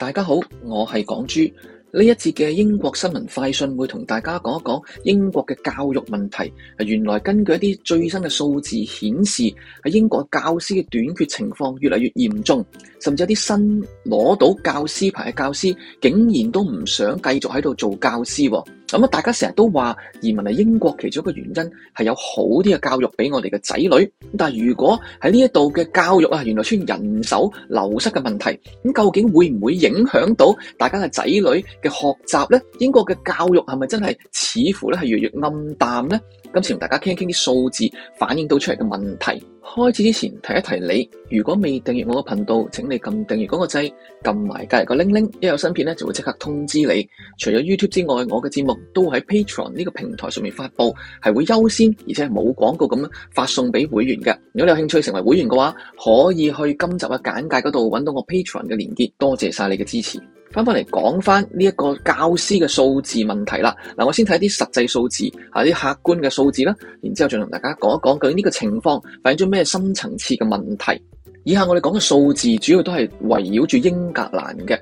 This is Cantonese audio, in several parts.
大家好，我係港豬。呢一節嘅英國新聞快訊，會同大家講一講英國嘅教育問題。原來根據一啲最新嘅數字顯示，喺英國教師嘅短缺情況越嚟越嚴重，甚至有啲新攞到教師牌嘅教師，竟然都唔想繼續喺度做教師。咁啊，大家成日都話移民嚟英國，其中一個原因係有好啲嘅教育俾我哋嘅仔女。但係如果喺呢一度嘅教育啊，原來出現人手流失嘅問題，咁究竟會唔會影響到大家嘅仔女嘅學習呢？英國嘅教育係咪真係似乎咧係越嚟越暗淡呢？今次同大家傾一傾啲數字反映到出嚟嘅問題。開始之前提一提你，如果未訂閱我嘅頻道，請你撳訂閱嗰個掣，撳埋隔籬個鈴鈴，一有新片咧就會即刻通知你。除咗 YouTube 之外，我嘅節目都喺 Patreon 呢個平台上面發佈，係會優先而且係冇廣告咁樣發送俾會員嘅。如果你有興趣成為會員嘅話，可以去今集嘅簡介嗰度揾到我 Patreon 嘅連結。多謝晒你嘅支持。翻翻嚟講翻呢一個教師嘅數字問題啦。嗱，我先睇啲實際數字吓，啲客觀嘅數字啦。然之後再同大家講一講，究竟呢個情況反映咗咩深層次嘅問題。以下我哋講嘅數字主要都係圍繞住英格蘭嘅。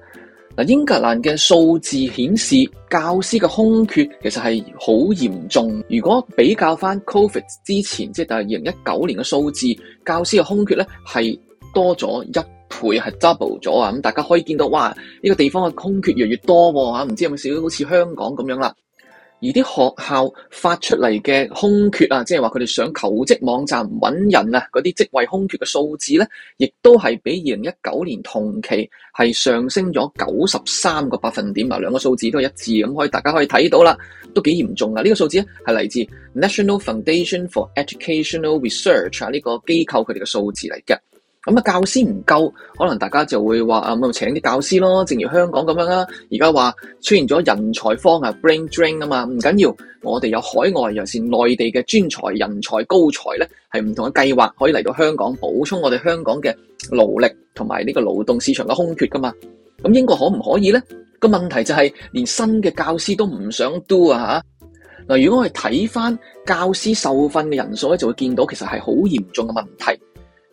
英格蘭嘅數字顯示，教師嘅空缺其實係好嚴重。如果比較翻 COVID 之前，即係第二零一九年嘅數字，教師嘅空缺呢係多咗一倍，係 double 咗啊！大家可以見到，哇，呢個地方嘅空缺越嚟越多喎嚇，唔知有冇少好似香港咁樣啦。而啲學校發出嚟嘅空缺啊，即係話佢哋想求職網站揾人啊，嗰啲職位空缺嘅數字咧，亦都係比二零一九年同期係上升咗九十三個百分點啊，兩個數字都係一致，咁可以大家可以睇到啦，都幾嚴重啊。呢個數字咧係嚟自 National Foundation for Educational Research 啊，呢個機構佢哋嘅數字嚟嘅。咁啊，教師唔夠，可能大家就會話啊，咪、嗯、請啲教師咯。正如香港咁樣啦，而家話出現咗人才荒啊，brain drain 啊嘛。唔緊要，我哋有海外優才、尤其是內地嘅專才、人才、高才咧，係唔同嘅計劃可以嚟到香港補充我哋香港嘅勞力同埋呢個勞動市場嘅空缺噶嘛。咁、嗯、英國可唔可以咧？個問題就係、是、連新嘅教師都唔想 do 啊嚇。嗱，如果我哋睇翻教師受訓嘅人數咧，就會見到其實係好嚴重嘅問題。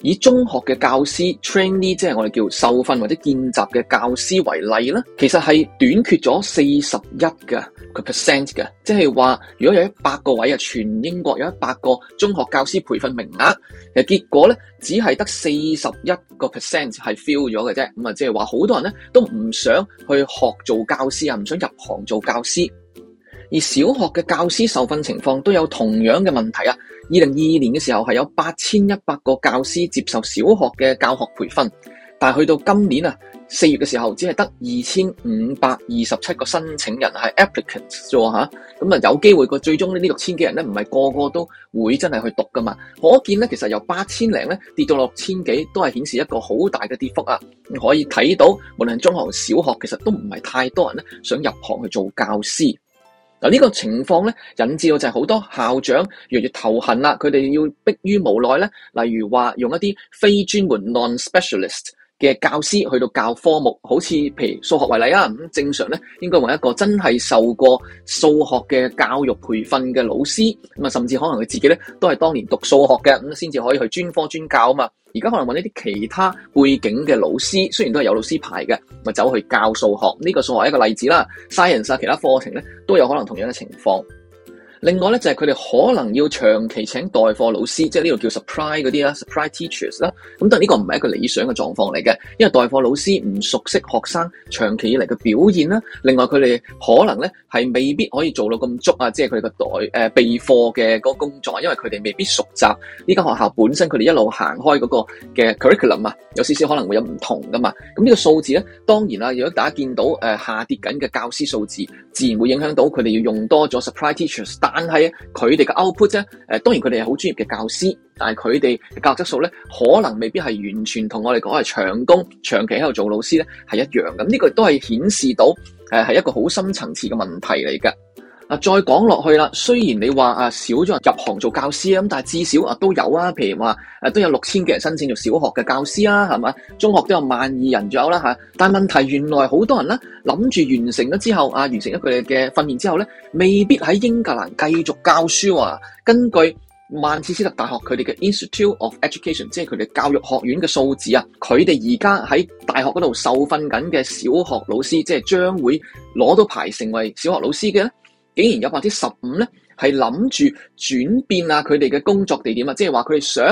以中學嘅教師 trainee，即係我哋叫受訓或者見習嘅教師為例咧，其實係短缺咗四十一嘅 percent 嘅，即係話如果有一百個位啊，全英國有一百個中學教師培訓名額，誒結果咧只係得四十一個 percent 係 fill 咗嘅啫，咁啊即係話好多人咧都唔想去學做教師啊，唔想入行做教師，而小學嘅教師受訓情況都有同樣嘅問題啊。二零二二年嘅時候係有八千一百個教師接受小學嘅教學培訓，但係去到今年啊四月嘅時候只係得二千五百二十七個申請人係 applicants 咋吓，咁啊有機會個最終呢呢六千幾人咧唔係個個都會真係去讀噶嘛，可見咧其實由八千零咧跌到六千幾都係顯示一個好大嘅跌幅啊，可以睇到無論中學同小學其實都唔係太多人咧想入行去做教師。嗱，呢個情況咧，引致到就係好多校長越來越要，例如頭痕啦，佢哋要逼於無奈咧，例如話用一啲非專門 non-specialist。嘅教師去到教科目，好似譬如數學為例啦，咁正常咧，應該揾一個真係受過數學嘅教育培訓嘅老師，咁啊，甚至可能佢自己咧都係當年讀數學嘅，咁先至可以去專科專教啊嘛。而家可能揾一啲其他背景嘅老師，雖然都係有老師牌嘅，咪走去教數學呢，這個數學係一個例子啦。Science 啊，其他課程咧都有可能同樣嘅情況。另外咧就係佢哋可能要長期請代課老師，即係呢度叫 supply 嗰啲啦，supply teachers 啦。咁但係呢個唔係一個理想嘅狀況嚟嘅，因為代課老師唔熟悉學生長期以嚟嘅表現啦。另外佢哋可能咧係未必可以做到咁足啊，即係佢哋嘅代誒備課嘅嗰個工作，因為佢哋未必熟習呢間學校本身佢哋一路行開嗰個嘅 curriculum 啊，有少少可能會有唔同噶嘛。咁呢個數字咧當然啦，如果大家見到誒、呃、下跌緊嘅教師數字，自然會影響到佢哋要用多咗 supply teachers。但係佢哋嘅 output 咧，誒，當然佢哋係好專業嘅教師，但係佢哋嘅教育質素咧，可能未必係完全同我哋講係長工長期喺度做老師咧係一樣咁，呢、呢個都係顯示到誒係一個好深層次嘅問題嚟嘅。再講落去啦，雖然你話啊少咗入行做教師咁，但係至少啊都有啊，譬如話誒都有六千幾人申請做小學嘅教師啊，係嘛，中學都有萬二人左右啦吓。但係問題原來好多人咧，諗住完成咗之後啊，完成咗佢哋嘅訓練之後咧，未必喺英格蘭繼續教書啊。根據曼徹斯特大學佢哋嘅 Institute of Education，即係佢哋教育學院嘅數字啊，佢哋而家喺大學嗰度受訓緊嘅小學老師，即係將會攞到牌成為小學老師嘅。竟然有百分之十五咧，係諗住轉變啊佢哋嘅工作地點啊，即係話佢哋想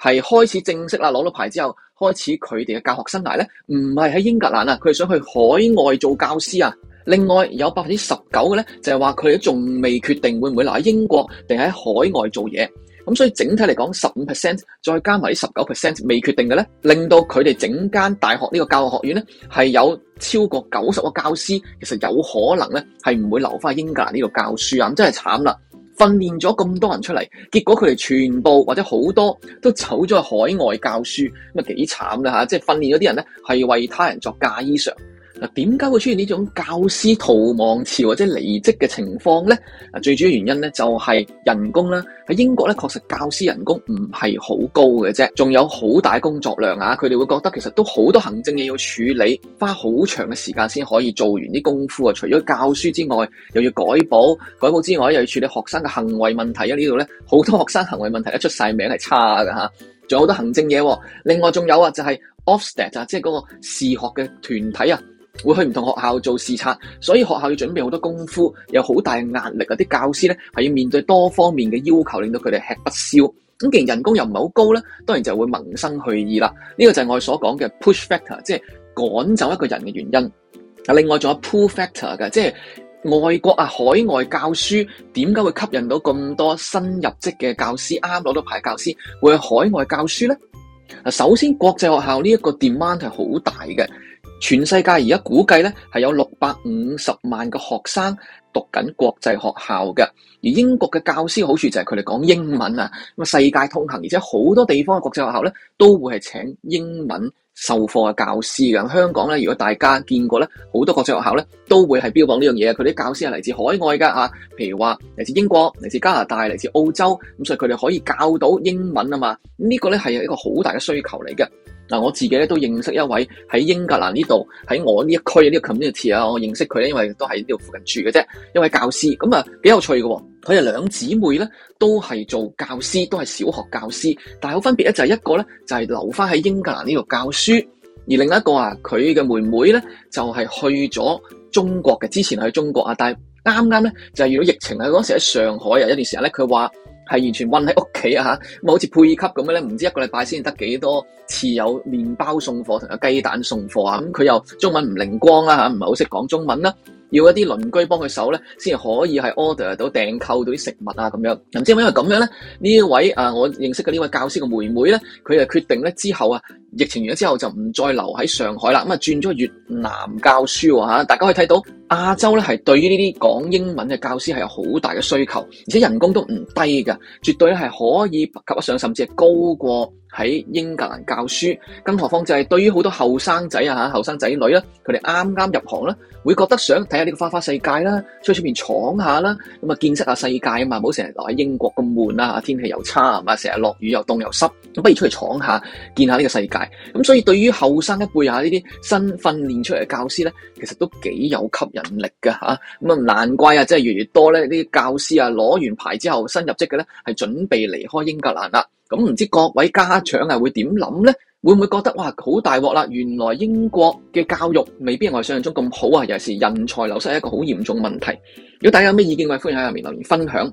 係開始正式啦，攞到牌之後開始佢哋嘅教學生涯咧，唔係喺英格蘭啊，佢哋想去海外做教師啊。另外有百分之十九嘅咧，就係話佢哋仲未決定會唔會留喺英國定喺海外做嘢。咁、嗯、所以整體嚟講，十五 percent 再加埋十九 percent 未決定嘅咧，令到佢哋整間大學呢個教育學院咧，係有超過九十個教師，其實有可能咧係唔會留翻喺英格蘭呢度教書啊！咁、嗯、真係慘啦，訓練咗咁多人出嚟，結果佢哋全部或者好多都走咗去海外教書，咁、嗯、啊幾慘啦吓！即係訓練咗啲人咧，係為他人作嫁衣裳。嗱，點解會出現呢種教師逃亡潮或者離職嘅情況呢？啊，最主要原因呢，就係人工啦。喺英國咧，確實教師人工唔係好高嘅啫，仲有好大工作量啊！佢哋會覺得其實都好多行政嘢要處理，花好長嘅時間先可以做完啲功夫啊。除咗教書之外，又要改簿，改簿之外又要處理學生嘅行為問題啊！呢度呢，好多學生行為問題一出晒名係差嘅㗎，仲有好多行政嘢。另外仲有啊，就係 Ofsted 啊，即係嗰個視學嘅團體啊。會去唔同學校做視察，所以學校要準備好多功夫，有好大壓力。嗰啲教師咧，係要面對多方面嘅要求，令到佢哋吃不消。咁既然人工又唔係好高咧，當然就會萌生去意啦。呢個就係我所講嘅 push factor，即係趕走一個人嘅原因。啊，另外仲有 pull factor 嘅，即係外國啊，海外教書點解會吸引到咁多新入職嘅教師？啱攞到牌教師會去海外教書咧？啊，首先國際學校呢一個 demand 係好大嘅。全世界而家估計咧係有六百五十萬嘅學生讀緊國際學校嘅，而英國嘅教師好處就係佢哋講英文啊，咁啊世界通行，而且好多地方嘅國際學校咧都會係請英文授課嘅教師嘅。香港咧，如果大家見過咧，好多國際學校咧都會係標榜呢樣嘢啊，佢啲教師係嚟自海外噶啊，譬如話嚟自英國、嚟自加拿大、嚟自澳洲，咁所以佢哋可以教到英文啊嘛，這個、呢個咧係一個好大嘅需求嚟嘅。嗱，我自己咧都認識一位喺英格蘭呢度，喺我呢一區呢個 Kensington 啊，我認識佢咧，因為都喺呢度附近住嘅啫。一位教師，咁啊幾有趣嘅喎、哦，佢啊兩姊妹咧都係做教師，都係小學教師，但係好分別咧，就係、是、一個咧就係、是、留翻喺英格蘭呢度教書，而另一個啊佢嘅妹妹咧就係、是、去咗中國嘅，之前去中國啊，但係啱啱咧就係遇到疫情啊，嗰時喺上海啊，一段時間咧佢話。係完全韞喺屋企啊嚇，咪好似配給咁樣咧？唔知一個禮拜先得幾多次有麵包送貨同埋雞蛋送貨啊？咁、嗯、佢又中文唔靈光啦嚇，唔係好識講中文啦，要一啲鄰居幫佢手咧，先可以係 order 到訂購到啲食物啊咁樣。咁之後因為咁樣咧，呢位啊我認識嘅呢位教師嘅妹妹咧，佢就決定咧之後啊。疫情完咗之後就唔再留喺上海啦，咁啊轉咗越南教書喎、啊、大家可以睇到亞洲咧係對於呢啲講英文嘅教師係有好大嘅需求，而且人工都唔低㗎，絕對係可以及得上，甚至係高過喺英格蘭教書。更何況就係對於好多後生仔啊嚇後生仔女啦，佢哋啱啱入行啦，會覺得想睇下呢個花花世界啦，出去出邊闖下啦，咁啊見識下世界啊嘛，唔好成日留喺英國咁悶啦、啊、天氣又差啊嘛，成日落雨又凍又濕，不如出嚟闖下，見下呢個世界。咁、嗯、所以對於後生一輩啊，呢啲新訓練出嚟嘅教師呢，其實都幾有吸引力噶吓，咁啊難怪啊即係越越多呢啲教師啊攞完牌之後新入職嘅，呢係準備離開英格蘭啦，咁、嗯、唔知各位家長啊會點諗呢？會唔會覺得哇好大鑊啦？原來英國嘅教育未必係我哋想象中咁好啊，尤其是人才流失係一個好嚴重問題。如果大家有咩意見，我哋歡迎喺下面留言分享。